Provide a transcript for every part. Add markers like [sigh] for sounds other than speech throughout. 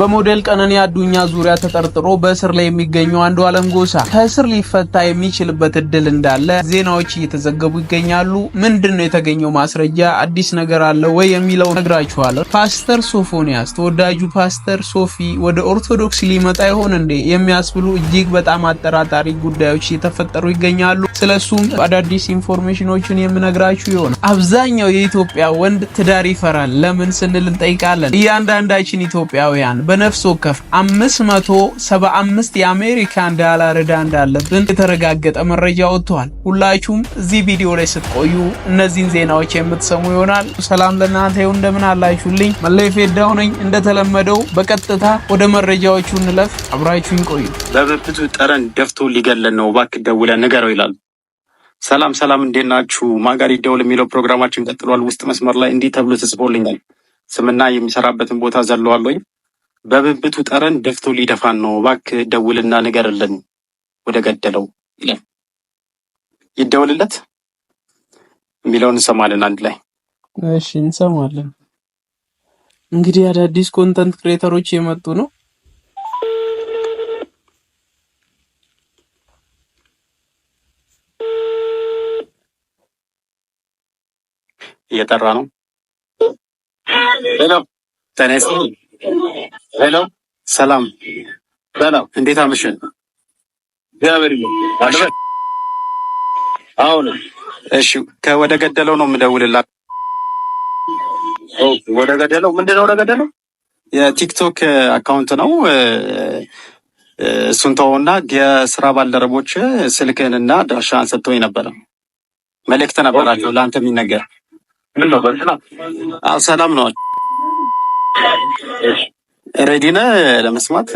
በሞዴል ቀነኒ አዱኛ ዙሪያ ተጠርጥሮ በእስር ላይ የሚገኘው አለም ጎሳ ከእስር ሊፈታ የሚችልበት እድል እንዳለ ዜናዎች እየተዘገቡ ይገኛሉ። ምንድን ነው የተገኘው ማስረጃ? አዲስ ነገር አለ ወይ የሚለው ነግራችኋለሁ። ፓስተር ሶፎንያስ ተወዳጁ ፓስተር ሶፊ ወደ ኦርቶዶክስ ሊመጣ ይሆን እንዴ የሚያስብሉ እጅግ በጣም አጠራጣሪ ጉዳዮች እየተፈጠሩ ይገኛሉ። ስለሱም አዳዲስ ኢንፎርሜሽኖችን የምነግራችሁ ይሆናል። አብዛኛው የኢትዮጵያ ወንድ ትዳር ይፈራል። ለምን ስንል እንጠይቃለን። እያንዳንዳችን ኢትዮጵያውያን በነፍስ ወከፍ 575 የአሜሪካን ዳላር ዕዳ እንዳለብን የተረጋገጠ መረጃ ወጥቷል። ሁላችሁም እዚህ ቪዲዮ ላይ ስትቆዩ እነዚህን ዜናዎች የምትሰሙ ይሆናል። ሰላም ለእናንተ ይሁን። እንደምን አላችሁልኝ? መለይ ፌዳው ነኝ። እንደተለመደው በቀጥታ ወደ መረጃዎቹ እንለፍ። አብራችሁን ቆዩ። በብብቱ ጠረን ደፍቶ ሊገለን ነው፣ እባክህ ደውለህ ንገረው ይላሉ። ሰላም ሰላም፣ እንዴት ናችሁ? ማጋሪ ደውል የሚለው ፕሮግራማችን ቀጥሏል። ውስጥ መስመር ላይ እንዲህ ተብሎ ተጽፎልኛል። ስምና የሚሰራበትን ቦታ ዘለዋለኝ። በብብቱ ጠረን ደፍቶ ሊደፋን ነው፣ እባክህ ደውልና ንገርልን ወደ ገደለው ይላል። ይደውልለት የሚለውን እንሰማለን። አንድ ላይ እሺ፣ እንሰማለን። እንግዲህ አዳዲስ ኮንተንት ክሬተሮች የመጡ ነው። እየጠራ ነው። ጤና ሄሎ፣ ሰላም በላው። እንዴት አመሸን? እግዚአብሔር ይመስገን። አሁን እሺ፣ ከወደ ገደለው ነው የምደውልላት። ወደ ገደለው ምንድን ነው? ወደ ገደለው የቲክቶክ አካውንት ነው። እሱን ተወውና የስራ ባልደረቦች ስልክህንና ዳሻን ሰጥቶኝ ነበረ። መልእክት ነበራቸው ለአንተ የሚነገር ምን ነው? ሰላም ነው። ሬዲ ነህ ለመስማት?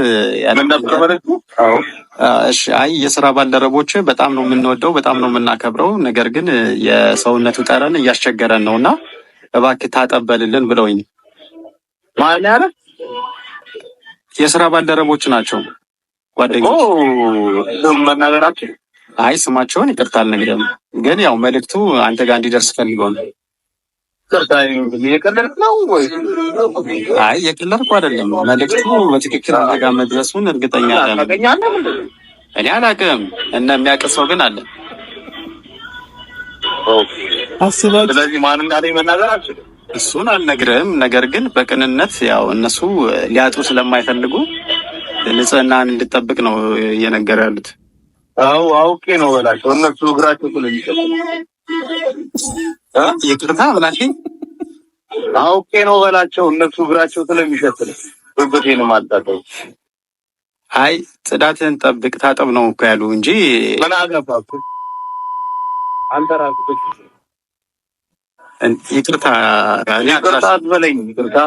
እሺ። አይ የስራ ባልደረቦች በጣም ነው የምንወደው፣ በጣም ነው የምናከብረው። ነገር ግን የሰውነት ጠረን እያስቸገረን ነው እና እባክህ ታጠበልልን ብለውኝ ማለ የስራ ባልደረቦች ናቸው ጓደኞች። አይ ስማቸውን ይቅርታል። ነገር ግን ያው መልዕክቱ አንተ ጋር እንዲደርስ ፈልገው ነው አይ የቀለድኩ አይደለም። መልእክቱ በትክክል አደጋ መድረሱን እርግጠኛ አይደለም። እኔ አላውቅም እና የሚያውቅ ሰው ግን አለ። እሱን አልነግርህም። ነገር ግን በቅንነት ያው እነሱ ሊያጡ ስለማይፈልጉ ንጽህናን እንድጠብቅ ነው እየነገር ያሉት። አው አውቄ ነው በላቸው እነሱ እግራቸው ስለሚቀጥል ይቅርታ ብላሽ አውቄ ነው በላቸው። እነሱ እግራቸው ስለሚሸትል ብብቴን ማጣጠው አይ ጽዳትን ጠብቅ ታጠብ ነው እኮ ያሉ እንጂ ምን አገባብ አንተ ራስህ ይቅርታ ይቅርታ አትበለኝ ይቅርታ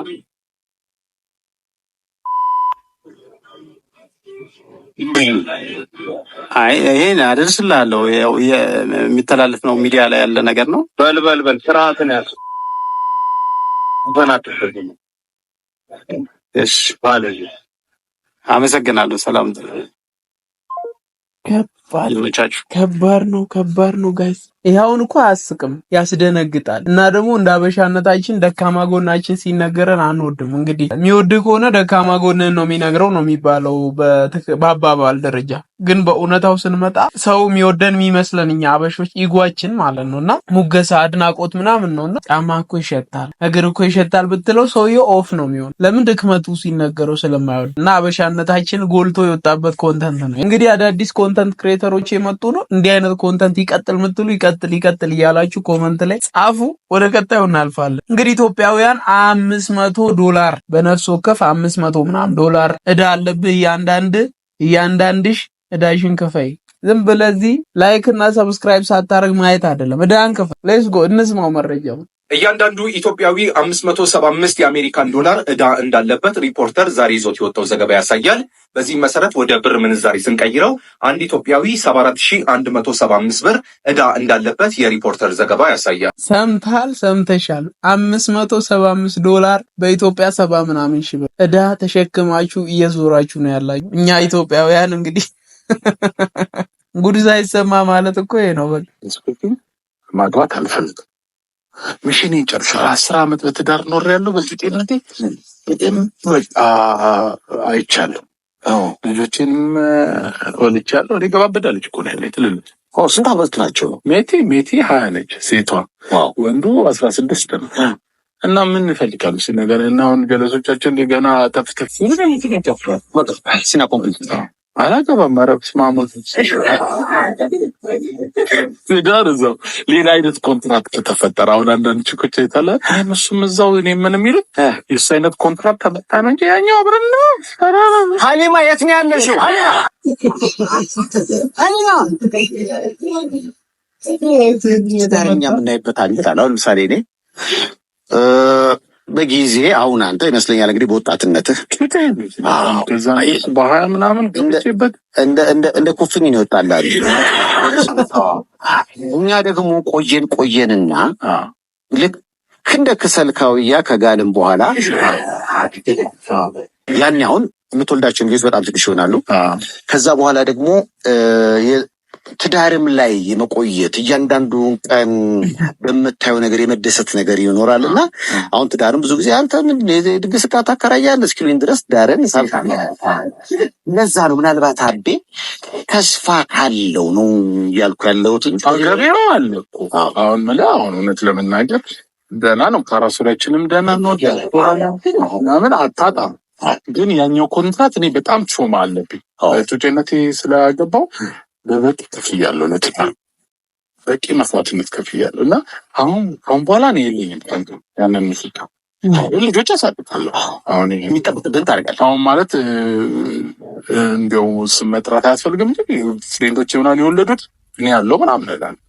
አይ ይሄን አደርስላለሁ። የሚተላለፍ ነው፣ ሚዲያ ላይ ያለ ነገር ነው። በል በል በል ስርዓትን ያዝ። እሺ አመሰግናለሁ። ሰላም ከባድ ነው፣ ከባድ ነው ጋይስ ይኸውን እኮ አያስቅም፣ ያስደነግጣል። እና ደግሞ እንደ አበሻነታችን ደካማ ጎናችን ሲነገረን አንወድም። እንግዲህ የሚወድ ከሆነ ደካማ ጎንን ነው የሚነግረው ነው የሚባለው በአባባል ደረጃ። ግን በእውነታው ስንመጣ ሰው የሚወደን የሚመስለን እኛ አበሾች ኢጓችን ማለት ነው። እና ሙገሳ፣ አድናቆት ምናምን ነው። እና ጫማ እኮ ይሸታል፣ እግር እኮ ይሸታል ብትለው ሰውዬው ኦፍ ነው የሚሆን። ለምን ድክመቱ ሲነገረው ስለማይወድ እና አበሻነታችን ጎልቶ የወጣበት ኮንተንት ነው። እንግዲህ አዳዲስ ኮንተንት ክሬተሮች የመጡ ነው። እንዲህ አይነት ኮንተንት ይቀጥል ምትሉ ይቀ ይቀጥል ይቀጥል እያላችሁ ኮመንት ላይ ጻፉ። ወደ ቀጣዩ እናልፋለን። እንግዲህ ኢትዮጵያውያን አምስት መቶ ዶላር በነፍስ ወከፍ አምስት መቶ ምናምን ዶላር እዳ አለብህ። እያንዳንድ እያንዳንድሽ እዳሽን ክፈይ። ዝም ብለህ ላይክ እና ሰብስክራይብ ሳታደርግ ማየት አይደለም። እዳን ክፈይ። ሌትስ ጎ እንስማው መረጃውን እያንዳንዱ ኢትዮጵያዊ 575 የአሜሪካን ዶላር እዳ እንዳለበት ሪፖርተር ዛሬ ይዞት የወጣው ዘገባ ያሳያል። በዚህ መሰረት ወደ ብር ምንዛሪ ስንቀይረው አንድ ኢትዮጵያዊ 74175 ብር እዳ እንዳለበት የሪፖርተር ዘገባ ያሳያል። ሰምታል ሰምተሻል። 575 ዶላር በኢትዮጵያ ሰባ ምናምን ሺህ ብር እዳ ተሸክማችሁ እየዞራችሁ ነው ያላችሁ። እኛ ኢትዮጵያውያን እንግዲህ [laughs] ጉድ ሳይሰማ ማለት እኮ ይሄ ነው። በቃ ማግባት አልፈልግም ምሽን ጨርሻለሁ። አስር ዓመት በትዳር ኖር ያለው በዚህ ጤንነቴ አይቻለሁ። ልጆችንም ወልጃለሁ። እኔ ገባበዳ ልጅ እኮ ነው ያለኝ። ትልልጅ ስንት አመት ናቸው? ሜቴ ሜቴ ሀያ ነች ሴቷ፣ ወንዱ አስራ ስድስት ነው። እና ምን ይፈልጋሉ ሲነገር እና አሁን ገለሶቻችን ገና ተፍተፍ ሲና ኮምፕሊት አላገባም። ኧረ በስመ አብ ትዳር እዛው ሌላ አይነት ኮንትራክት ተፈጠረ። አሁን አንዳንድ ችኮች የታለ እሱም እዛው እኔ ምን የሚሉ የሱ አይነት ኮንትራክት ተመጣ ነው እንጂ ያኛው አብረን ነው። ሀሊማ የት ነው ያለሽው? ሀሊማ ዳርኛ የምናይበት አለ። አሁን ምሳሌ እኔ በጊዜ አሁን አንተ ይመስለኛል እንግዲህ በወጣትነትህ በሀያ ምናምን እንደ ኩፍኝ ነው ይወጣላል። እኛ ደግሞ ቆየን ቆየንና ልክ እንደ ክሰል ካውያ ከጋልም በኋላ ያኔ አሁን የምትወልዳቸው ልጆች በጣም ትንሽ ይሆናሉ። ከዛ በኋላ ደግሞ ትዳርም ላይ የመቆየት እያንዳንዱን ቀን በምታየው ነገር የመደሰት ነገር ይኖራል እና አሁን ትዳርም ብዙ ጊዜ አንተ ድግስ ዕቃ ታከራያለህ እስኪሉኝ ድረስ ዳርን ለዛ ነው። ምናልባት አቤ ተስፋ ካለው ነው እያልኩ ያለሁት አሁን ምላ አሁን እውነት ለመናገር ደህና ነው። ከራሱላችንም ደህና ነው ምናምን አታጣም። ግን ያኛው ኮንትራት እኔ በጣም ቾማ አለብኝ ጩጬነቴ ስለገባው በበቂ ከፍያለሁ፣ ለቅጣ በቂ መስዋዕትነት ከፍያለሁ እና አሁን አሁን በኋላ ነው የለኝም ከንቱ ያንን ሽታ ልጆች ያሳጥታለሁ። አሁን የሚጠብቅብን ታደርጋለህ። አሁን ማለት እንዲያው ስም መጥራት አያስፈልግም። ፍሬንዶች ምናምን የወለዱት እኔ ያለው ምናምን እላለሁ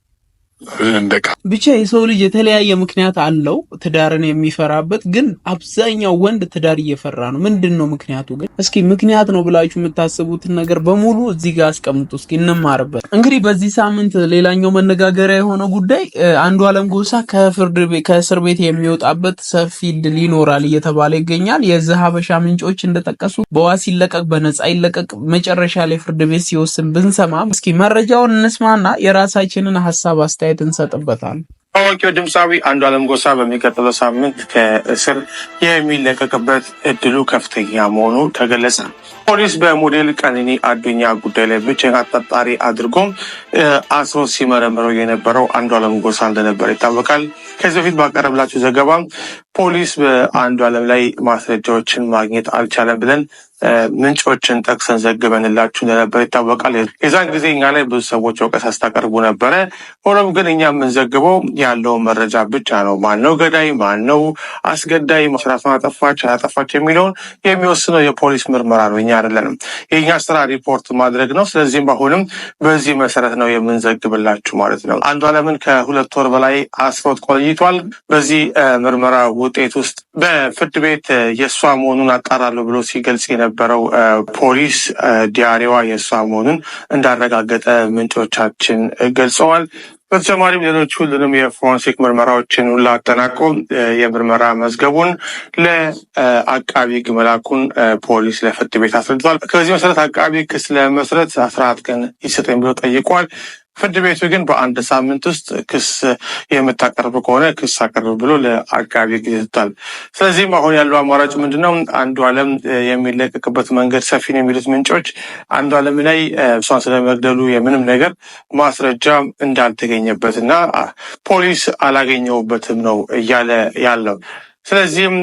ብቻ የሰው ልጅ የተለያየ ምክንያት አለው ትዳርን የሚፈራበት። ግን አብዛኛው ወንድ ትዳር እየፈራ ነው። ምንድን ነው ምክንያቱ? ግን እስኪ ምክንያት ነው ብላችሁ የምታስቡትን ነገር በሙሉ እዚህ ጋር አስቀምጡ። እስኪ እንማርበት። እንግዲህ በዚህ ሳምንት ሌላኛው መነጋገሪያ የሆነ ጉዳይ አንዱ አለም ጎሳ ከፍርድ ከእስር ቤት የሚወጣበት ሰፊ እድል ይኖራል እየተባለ ይገኛል። የዚህ ሀበሻ ምንጮች እንደጠቀሱ በዋስ ይለቀቅ በነፃ ይለቀቅ መጨረሻ ላይ ፍርድ ቤት ሲወስን ብንሰማም፣ እስኪ መረጃውን እንስማና የራሳችንን ሀሳብ አስተያየት አስተያየት እንሰጥበታል። ታዋቂው ድምፃዊ አለም ጎሳ በሚቀጥለው ሳምንት ከእስር የሚለቀቅበት እድሉ ከፍተኛ መሆኑ ተገለጸ። ፖሊስ በሞዴል ቀነኒ አዱኛ ጉዳይ ላይ ብቸኛ አጠርጣሪ አድርጎም አስሮ ሲመረምረው የነበረው አለም ጎሳ እንደነበረ ይታወቃል። ከዚህ በፊት ባቀረብላችሁ ዘገባ ፖሊስ በአንዱ አለም ላይ ማስረጃዎችን ማግኘት አልቻለም ብለን ምንጮችን ጠቅሰን ዘግበንላችሁ እንደነበር ይታወቃል። የዛን ጊዜ እኛ ላይ ብዙ ሰዎች ወቀሳ ስታቀርቡ ነበረ። ሆኖም ግን እኛ የምንዘግበው ያለውን መረጃ ብቻ ነው። ማነው ገዳይ፣ ነው አስገዳይ፣ ስራቱን አጠፋች አላጠፋች የሚለውን የሚወስነው የፖሊስ ምርመራ ነው፣ እኛ አይደለንም። የእኛ ስራ ሪፖርት ማድረግ ነው። ስለዚህም አሁንም በዚህ መሰረት ነው የምንዘግብላችሁ ማለት ነው። ለምን ከሁለት ወር በላይ አስሮት ቆይቷል። በዚህ ምርመራ ውጤት ውስጥ በፍርድ ቤት የእሷ መሆኑን አጣራለሁ ብሎ ሲገልጽ የነበረው ፖሊስ ዲያሪዋ የእሷ መሆኑን እንዳረጋገጠ ምንጮቻችን ገልጸዋል። በተጨማሪም ሌሎች ሁሉንም የፎረንሲክ ምርመራዎችን ሁላ አጠናቆ የምርመራ መዝገቡን ለአቃቢ ሕግ መላኩን ፖሊስ ለፍርድ ቤት አስረድቷል። ከዚህ መሰረት አቃቢ ክስ ለመስረት አስራ አራት ቀን ይሰጠኝ ብሎ ጠይቋል። ፍርድ ቤቱ ግን በአንድ ሳምንት ውስጥ ክስ የምታቀርብ ከሆነ ክስ አቀርብ ብሎ ለአቃቢ ጊዜ ሰጥቷል። ስለዚህም አሁን ያለው አማራጭ ምንድነው? አንዱ አለም የሚለቀቅበት መንገድ ሰፊ ነው የሚሉት ምንጮች አንዱ አለም ላይ እሷን ስለመግደሉ የምንም ነገር ማስረጃ እንዳልተገኘበት እና ፖሊስ አላገኘውበትም ነው እያለ ያለው። ስለዚህም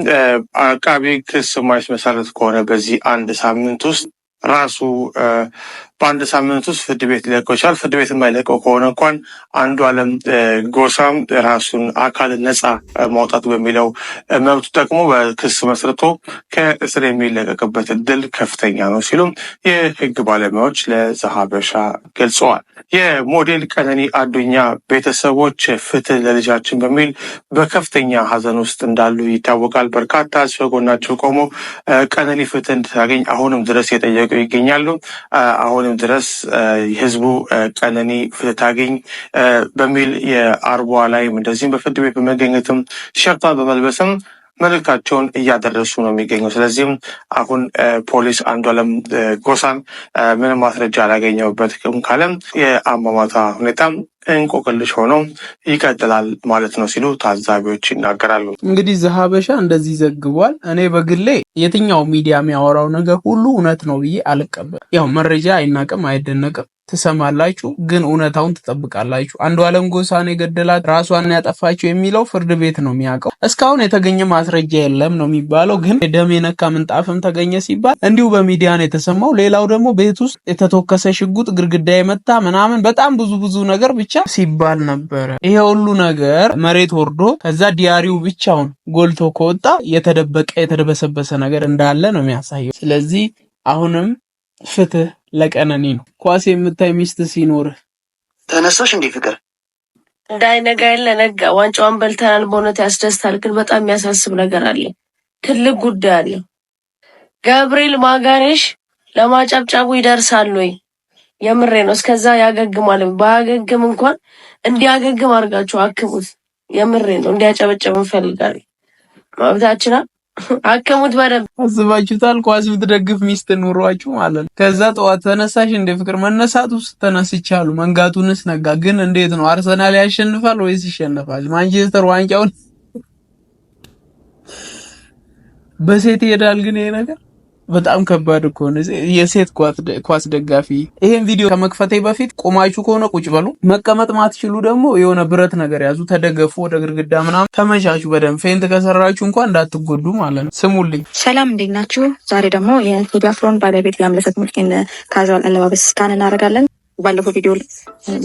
አቃቢ ክስ ማይመሰረት ከሆነ በዚህ አንድ ሳምንት ውስጥ ራሱ በአንድ ሳምንት ውስጥ ፍርድ ቤት ሊለቀው ይችላል። ፍርድ ቤት የማይለቀው ከሆነ እንኳን አንዱ አለም ጎሳም ራሱን አካል ነጻ ማውጣት በሚለው መብቱ ጠቅሞ በክስ መስርቶ ከእስር የሚለቀቅበት እድል ከፍተኛ ነው ሲሉም የህግ ባለሙያዎች ለዛሀበሻ ገልጸዋል። የሞዴል ቀነኒ አዱኛ ቤተሰቦች ፍትህ ለልጃችን በሚል በከፍተኛ ሀዘን ውስጥ እንዳሉ ይታወቃል። በርካታ ጎናቸው ቆሞ ቀነኒ ፍትህ እንድታገኝ አሁንም ድረስ የጠየቁ ይገኛሉ። አሁንም ድረስ የህዝቡ ቀነኒ ፍትህ ታገኝ በሚል የአርቧ ላይም እንደዚህም በፍርድ ቤት በመገኘትም ሸርጧ በመልበስም መልእክታቸውን እያደረሱ ነው የሚገኘው። ስለዚህም አሁን ፖሊስ አንዷለም ጎሳን ምንም ማስረጃ አላገኘውበት ካለም የአሟሟቷ ሁኔታም እንቆቅልሽ ሆኖ ይቀጥላል ማለት ነው ሲሉ ታዛቢዎች ይናገራሉ። እንግዲህ ዘሀበሻ እንደዚህ ዘግቧል። እኔ በግሌ የትኛው ሚዲያ የሚያወራው ነገር ሁሉ እውነት ነው ብዬ አልቀበል። ያው መረጃ አይናቅም አይደነቅም። ትሰማላችሁ ግን እውነታውን ትጠብቃላችሁ። አለም ጎሳን የገደላት ራሷን ያጠፋችው የሚለው ፍርድ ቤት ነው የሚያውቀው። እስካሁን የተገኘ ማስረጃ የለም ነው የሚባለው። ግን ደም የነካ ምንጣፍም ተገኘ ሲባል እንዲሁ በሚዲያ ነው የተሰማው። ሌላው ደግሞ ቤት ውስጥ የተተኮሰ ሽጉጥ ግድግዳ የመታ ምናምን፣ በጣም ብዙ ብዙ ነገር ብቻ ሲባል ነበረ። ይሄ ሁሉ ነገር መሬት ወርዶ ከዛ ዲያሪው ብቻውን ጎልቶ ከወጣ የተደበቀ የተደበሰበሰ ነገር እንዳለ ነው የሚያሳየው። ስለዚህ አሁንም ፍትህ ለቀነኒ ነው። ኳስ የምታይ ሚስት ሲኖር ተነሳሽ እንዴ ፍቅር እንዳይነጋ ነጋ የለ ነጋ ዋንጫዋን በልተናል። በእውነት ያስደስታል፣ ግን በጣም የሚያሳስብ ነገር አለ። ትልቅ ጉዳይ አለ። ገብርኤል ማጋሬሽ ለማጨብጨቡ ይደርሳል ወይ? የምሬ ነው። እስከዛ ያገግማል። ባያገግም እንኳን እንዲያገግም አድርጋችሁ አክቡት። የምሬ ነው። እንዲያጨበጨብ እንፈልጋለን። መብታችናል አከሙት በደንብ አስባችሁታል። ኳስ ብትደግፍ ሚስት ኑሯችሁ ማለት ነው። ከዛ ጠዋት ተነሳሽ እንደ ፍቅር መነሳቱ ስተነስቻሉ መንጋቱንስ ነጋ። ግን እንዴት ነው አርሰናል ያሸንፋል ወይስ ይሸነፋል? ማንቸስተር ዋንጫውን በሴት ይሄዳል። ግን ይሄ ነገር በጣም ከባድ እኮ ነው። የሴት ኳስ ደጋፊ ይሄን ቪዲዮ ከመክፈቴ በፊት ቁማችሁ ከሆነ ቁጭ በሉ። መቀመጥ ማትችሉ ደግሞ የሆነ ብረት ነገር ያዙ፣ ተደገፉ ወደ ግድግዳ ምናምን ተመቻቹ። በደንብ ፌንት ከሰራችሁ እንኳን እንዳትጎዱ ማለት ነው። ስሙልኝ። ሰላም እንዴት ናችሁ? ዛሬ ደግሞ የቴዲ አፍሮን ባለቤት የአምለሰት ሙልኬን ካዛዋል አለባበስ ስካን እናደርጋለን። ባለፈው ቪዲዮ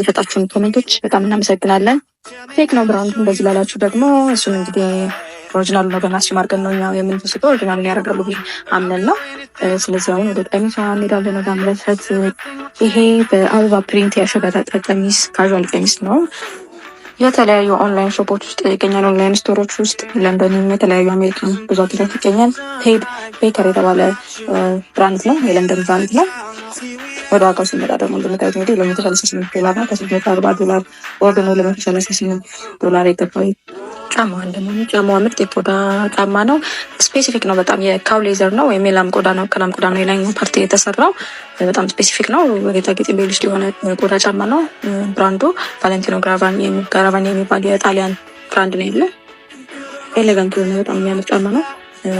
የሰጣችሁን ኮሜንቶች በጣም እናመሰግናለን። ፌክ ነው ብራንዱ እንደዚህ ላላችሁ ደግሞ እሱን እንግዲህ ከኦሪጂናሉ ነገር ናቸው አድርገን ነው እኛ የምንተስጠው ኦሪጂናሉ ያደርጋሉ ብዬ አምነን ነው። ስለዚህ አሁን ወደ ቀሚስ እንሄዳለን። ወደ አምለሰት ይሄ በአበባ ፕሪንት ያሸበረቀ ቀሚስ ካዥዋል ቀሚስ ነው። የተለያዩ ኦንላይን ሾፖች ውስጥ ይገኛል። ኦንላይን ስቶሮች ውስጥ ለንደንም የተለያዩ አሜሪካ ብዙ አገራት ይገኛል። ቴድ ቤከር የተባለ ብራንድ ነው፣ የለንደን ብራንድ ነው። ወደ ዋጋው ሲመጣ ደግሞ እንደምታዩት እንግዲህ ለመቶ ሰላሳ ስምንት ዶላር ነው። ከስምንት መቶ አርባ ዶላር ወርድ ነው ለመቶ ሰላሳ ስምንት ዶላር የገባው ጫማዋን ደግሞ ጫማዋ ምርጥ የቆዳ ጫማ ነው። ስፔሲፊክ ነው በጣም የካው ሌዘር ነው ወይም የላም ቆዳ ነው። ከላም ቆዳ ነው የላይኛው ፓርቲ የተሰራው በጣም ስፔሲፊክ ነው። ጌጣጌጥ ቤል ውስጥ የሆነ ቆዳ ጫማ ነው። ብራንዱ ቫለንቲኖ ጋራቫኒ የሚባል የጣሊያን ብራንድ ነው ያለ። ኤሌጋንት የሆነ በጣም የሚያምር ጫማ ነው።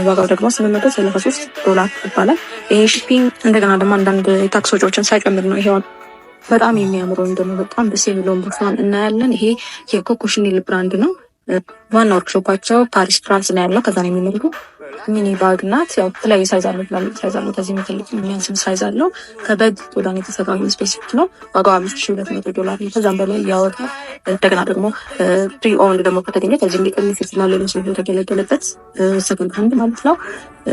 ዋጋው ደግሞ ስምንት መቶ ሰላሳ ሶስት ዶላር ይባላል። ይሄ ሺፒንግ እንደገና ደግሞ አንዳንድ የታክስ ወጪዎችን ሳይጨምር ነው ይሄ በጣም የሚያምረው ደግሞ በጣም ደስ የሚለውን ቦርሳን እናያለን። ይሄ የኮኮ ሽኔል ብራንድ ነው። ዋና ወርክሾፓቸው ፓሪስ ፍራንስ ነው ያለው። ከዛ ነው የሚመልኩ ሚኒ ባግ ናት። ያው የተለያዩ ሳይዝ አለው፣ ትላልቅ ሳይዝ አለው፣ ከዚህ ትልቅ የሚያንስም ሳይዝ አለው። ከበግ ቆዳ የተሰራ ስፔሲፊክ ነው። ዋጋው አምስት ሺ ሁለት መቶ ዶላር ነው። ከዛም በላይ እያወጣ እንደገና ደግሞ ፕሪ ኦንድ ደግሞ ከተገኘ ከዚህ እንዲቀንስ ይችላል። ሌሎ ሰው የተገለገለበት ሰከንድ ሀንድ ማለት ነው።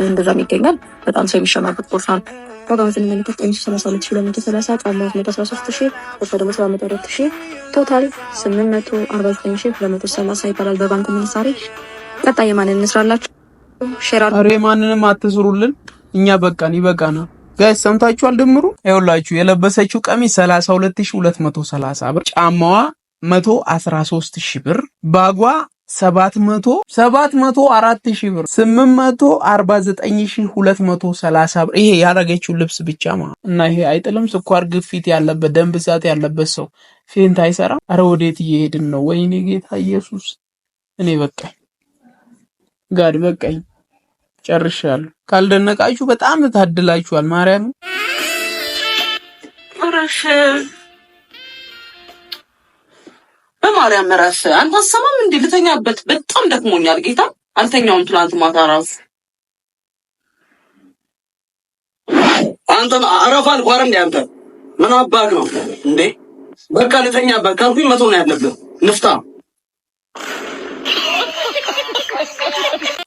እንደዛም ይገኛል። በጣም ሰው የሚሸማበት ቦርሳ ነው። ዋጋውን ስንመለከት ቀሚሱ 32 ሺህ 230 ጫማዎች 113 ሺህ ቁርጦ ደግሞ 704 ሺህ ቶታል 849 ሺህ 230 ይባላል። በባንኩ ምንሳሪ ቀጣይ የማንን እንስራላችሁ? ሸራሪ የማንንም አትስሩልን። እኛ በቃን ይበቃና ጋይስ ሰምታችኋል። ድምሩ ይኸውላችሁ የለበሰችው ቀሚስ 32230 ብር፣ ጫማዋ 113000 ብር፣ ባጓ ሰባት መቶ ሰባት መቶ አራት ሺህ ብር ስምንት መቶ አርባ ዘጠኝ ሺህ ሁለት መቶ ሰላሳ ብር ይሄ ያደረገችው ልብስ ብቻ ማ እና ይሄ አይጥልም። ስኳር ግፊት ያለበት ደም ብዛት ያለበት ሰው ፌንት አይሰራም። አረ ወዴት እየሄድን ነው? ወይኔ ጌታ ኢየሱስ እኔ በቃኝ፣ ጋድ በቃኝ፣ ጨርሻለሁ። ካልደነቃችሁ በጣም ታድላችኋል። ማርያም በማርያም ምረፍ አንተ አሰማም እንዴ ልተኛበት። በጣም ደክሞኛል ጌታ አልተኛውም። ትናንት ማታ ራሱ አንተን አረፍ አልኩህ አይደል እንዴ? አንተ ምን አባክ ነው እንዴ? በቃ ልተኛበት ካልኩኝ መቶ ነው ያለብህ ንፍታ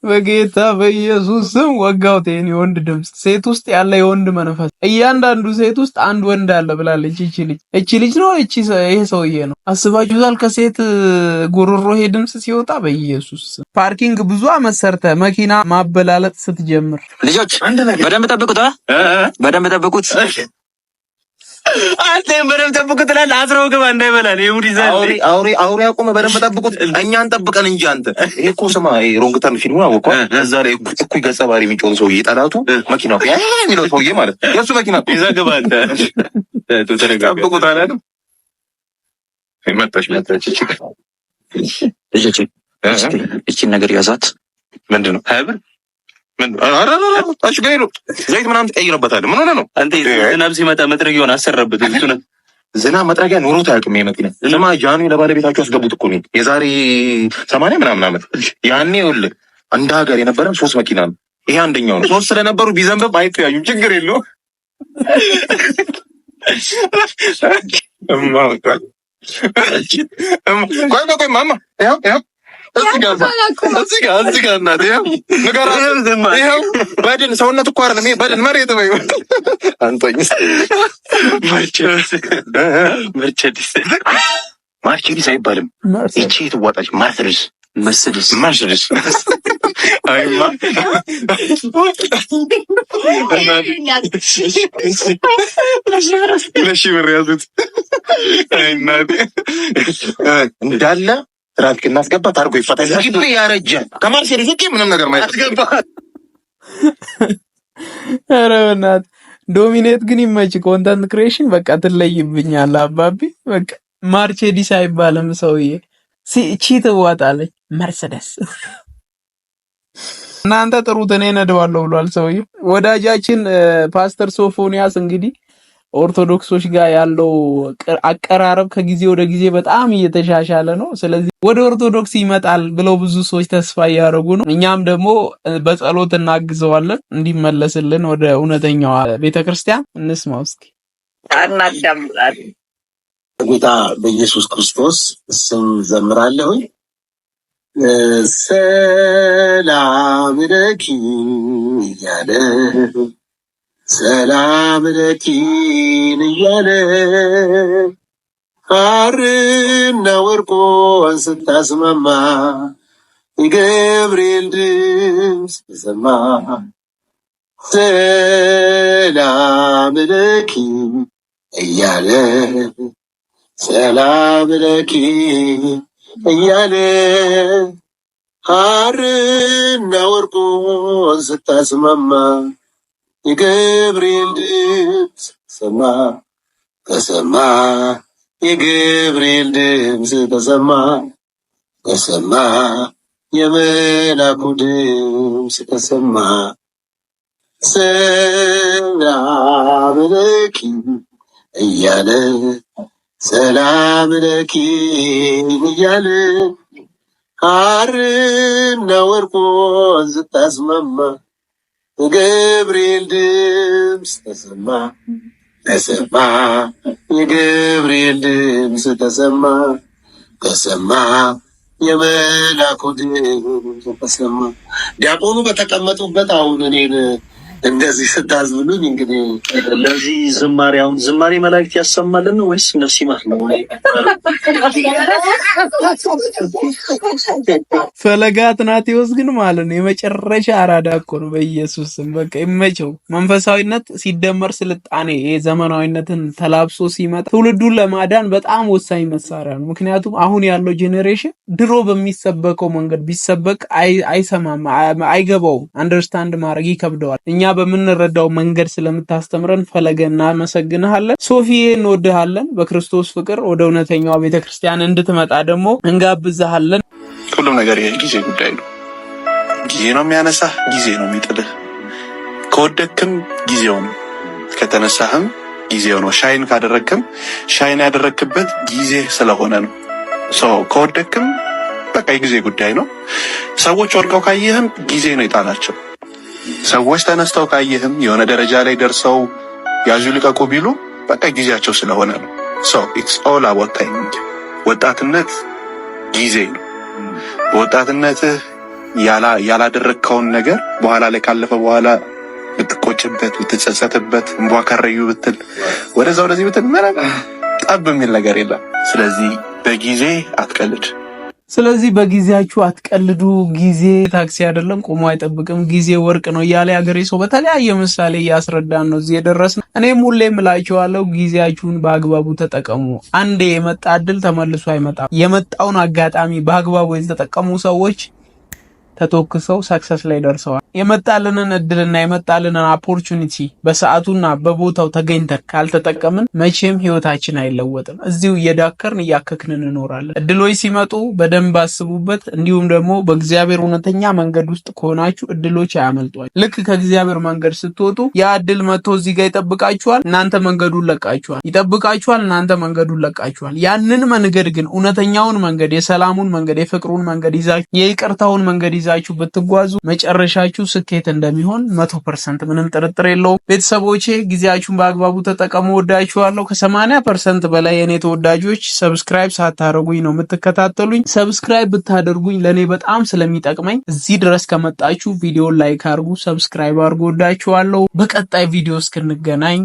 በጌታ በኢየሱስ ስም ወጋውቴን ይሄን የወንድ ድምፅ ሴት ውስጥ ያለ የወንድ መንፈስ እያንዳንዱ ሴት ውስጥ አንድ ወንድ አለ ብላለች። እቺ ልጅ እቺ ልጅ ነው እቺ ይሄ ሰውዬ ነው። አስባችሁታል? ከሴት ጉሮሮ ይሄ ድምፅ ሲወጣ በኢየሱስ ስም ፓርኪንግ ብዙ መሰርተ መኪና ማበላለጥ ስትጀምር ልጆች በደንብ ጠብቁት፣ በደንብ ጠብቁት። አንተ በደንብ ጠብቁት እላለህ። አስረው ግባ እንዳይበላል። ይሁን ይዛል አውሪ አውሪ አውሪ አቁመህ በደንብ ጠብቁት። እኛ ጠብቀን እንጂ አንተ እኮ ስማ፣ ሮንግ ተርን ፊልሙ አወቀው። እዛ ላይ እኩይ ገጸ ባህሪ የሚጮን ሰውዬ ጠላቱ ያ የሚለው ሰውዬ ማለት የእሱ መኪና ይዛ ግባ አንተ ጠብቁት አላለም። መጣች መጣች። እቺ እቺ ነገር ያዛት ምንድን ነው ሀያ ብር ችግር የለውም። ዘይት ምናምን ትቀይረበታለህ። ምን ሆነህ ነው? ዝናብ ሲመጣ መጥረጊያውን አሰራበት። ዝናብ መጥረጊያ ኑሮ አያውቅም። መኪና ስማ፣ ጃኑ ለባለቤታቸው አስገቡት እኮ የዛሬ ሰማንያ ምናምን ዓመት ያኔ ይኸውልህ እንደ ሀገር የነበረ ሶስት መኪና ነው። ይሄ አንደኛው ነው። ሶስት ስለነበሩ ቢዘንብም አይተያዩም። ችግር የለውም። ቆይ ቆይ ማማ በድን ሰውነት እኮ አይደለም በድን መሬት መርቸዲስ አይባልም። ይቺ የትዋጣች ለሺ ብር ያዙት እንዳለ ትራፊክ እናስገባ ታርጎ ይፈታል። ግብ ያረጀ ከማርሴል ዝቅ ምንም ነገር ማለት አስገባ። ኧረ በእናትህ ዶሚኔት ግን ይመች። ኮንተንት ክሬሽን በቃ ትለይብኛል። አባቢ በቃ ማርቼዲስ አይባልም ሰውዬ። ቺ ትዋጣለች መርሰደስ እናንተ ጥሩት እኔ ነደዋለሁ ብሏል ሰውዬ ወዳጃችን ፓስተር ሶፎንያስ እንግዲህ ኦርቶዶክሶች ጋር ያለው አቀራረብ ከጊዜ ወደ ጊዜ በጣም እየተሻሻለ ነው። ስለዚህ ወደ ኦርቶዶክስ ይመጣል ብለው ብዙ ሰዎች ተስፋ እያደረጉ ነው። እኛም ደግሞ በጸሎት እናግዘዋለን እንዲመለስልን ወደ እውነተኛዋ ቤተክርስቲያን። እንስማው እስኪ። አናዳምጣል። በኢየሱስ ክርስቶስ ስም ዘምራለሁ። ሰላም ረኪ እያለ ሰላም ለኪን እያለ ሐርና ወርቆን ስታስማማ የገብርኤል ድምፅ ተሰማ። ሰላም ለኪን እያለ ሰላም ለኪን እያለ ሐርና ወርቆን ስታስማማ የገብርኤል ድምፅ ሰማ ተሰማ የገብርኤል ድምፅ ተሰማ ተሰማ የመላኩ ድምፅ ተሰማ ሰላም ለኪ እያለ ሰላም ለኪ እያለ ሐርና ወርቆ ስታስማማ የገብርኤል ድምፅ ተሰማ ተሰማ የገብርኤል ድምፅ ተሰማ ተሰማ የመላኩ ድምፅ ተሰማ። ዲያቆኑ በተቀመጡበት አሁን እኔን እንደዚህ ስታዝብሉኝ እንግዲህ ለዚህ ዝማሬ አሁን ዝማሬ መላእክት ያሰማልን ነው ወይስ ነፍስ ማር ነው? ፈለገ አትናቴዎስ ግን ማለት ነው የመጨረሻ አራዳ እኮ ነው። በኢየሱስም በቃ ይመቸው። መንፈሳዊነት ሲደመር ስልጣኔ፣ ይሄ ዘመናዊነትን ተላብሶ ሲመጣ ትውልዱን ለማዳን በጣም ወሳኝ መሳሪያ ነው። ምክንያቱም አሁን ያለው ጄኔሬሽን ድሮ በሚሰበከው መንገድ ቢሰበክ አይሰማም፣ አይገባውም። አንደርስታንድ ማድረግ ይከብደዋል። እኛ በምንረዳው መንገድ ስለምታስተምረን ፈለገ እናመሰግንሃለን። ሶፊዬ እንወድሃለን። በክርስቶስ ፍቅር ወደ እውነተኛዋ ቤተክርስቲያን እንድትመጣ ደግሞ እንጋብዝሃለን። ሁሉም ነገር ይሄ ጊዜ ጉዳይ ነው። ጊዜ ነው የሚያነሳህ፣ ጊዜ ነው የሚጥልህ። ከወደክም ጊዜው ነው፣ ከተነሳህም ጊዜው ነው። ሻይን ካደረግክም ሻይን ያደረግክበት ጊዜ ስለሆነ ነው። ሰው ከወደክም በቃ የጊዜ ጉዳይ ነው። ሰዎች ወድቀው ካየህም ጊዜ ነው የጣላቸው። ሰዎች ተነስተው ካየህም የሆነ ደረጃ ላይ ደርሰው ያዙ ልቀቁ ቢሉ በቃ ጊዜያቸው ስለሆነ ነው። ሶ ኢትስ ኦል አባውት ታይሚንግ። ወጣትነት ጊዜ ነው። በወጣትነትህ ያላደረግከውን ነገር በኋላ ላይ ካለፈ በኋላ ብትቆጭበት፣ ብትጸጸትበት፣ እንቧ ከረዩ ብትል፣ ወደዛ ወደዚህ ብትል ምንም ጠብ የሚል ነገር የለም። ስለዚህ በጊዜ አትቀልድ። ስለዚህ በጊዜያችሁ አትቀልዱ። ጊዜ ታክሲ አይደለም፣ ቆሞ አይጠብቅም። ጊዜ ወርቅ ነው እያለ ያገሬ ሰው በተለያየ ምሳሌ እያስረዳን ነው እዚህ የደረስነው። እኔም ሁሌም እላችኋለሁ ጊዜያችሁን በአግባቡ ተጠቀሙ። አንዴ የመጣ እድል ተመልሶ አይመጣም። የመጣውን አጋጣሚ በአግባቡ የተጠቀሙ ሰዎች ተተክሰው ሰክሰስ ላይ ደርሰዋል። የመጣልንን እድልና የመጣልንን ኦፖርቹኒቲ በሰዓቱና በቦታው ተገኝተን ካልተጠቀምን መቼም ህይወታችን አይለወጥም። እዚሁ እየዳከርን እያከክንን እኖራለን። እድሎች ሲመጡ በደንብ አስቡበት። እንዲሁም ደግሞ በእግዚአብሔር እውነተኛ መንገድ ውስጥ ከሆናችሁ እድሎች አያመልጧችሁ። ልክ ከእግዚአብሔር መንገድ ስትወጡ ያ እድል መጥቶ እዚህ ጋር ይጠብቃችኋል፣ እናንተ መንገዱን ለቃችኋል። ይጠብቃችኋል፣ እናንተ መንገዱን ለቃችኋል። ያንን መንገድ ግን እውነተኛውን መንገድ፣ የሰላሙን መንገድ፣ የፍቅሩን መንገድ ይዛ የይቅርታውን መንገድ ይዛ ይዛችሁ ብትጓዙ መጨረሻችሁ ስኬት እንደሚሆን መቶ ፐርሰንት ምንም ጥርጥር የለውም። ቤተሰቦቼ ጊዜያችሁን በአግባቡ ተጠቀሙ። ወዳችኋለሁ። ከሰማንያ ፐርሰንት በላይ የእኔ ተወዳጆች ሰብስክራይብ ሳታደርጉኝ ነው የምትከታተሉኝ። ሰብስክራይብ ብታደርጉኝ ለእኔ በጣም ስለሚጠቅመኝ እዚህ ድረስ ከመጣችሁ ቪዲዮ ላይክ አርጉ፣ ሰብስክራይብ አርጉ። ወዳችኋለሁ። በቀጣይ ቪዲዮ እስክንገናኝ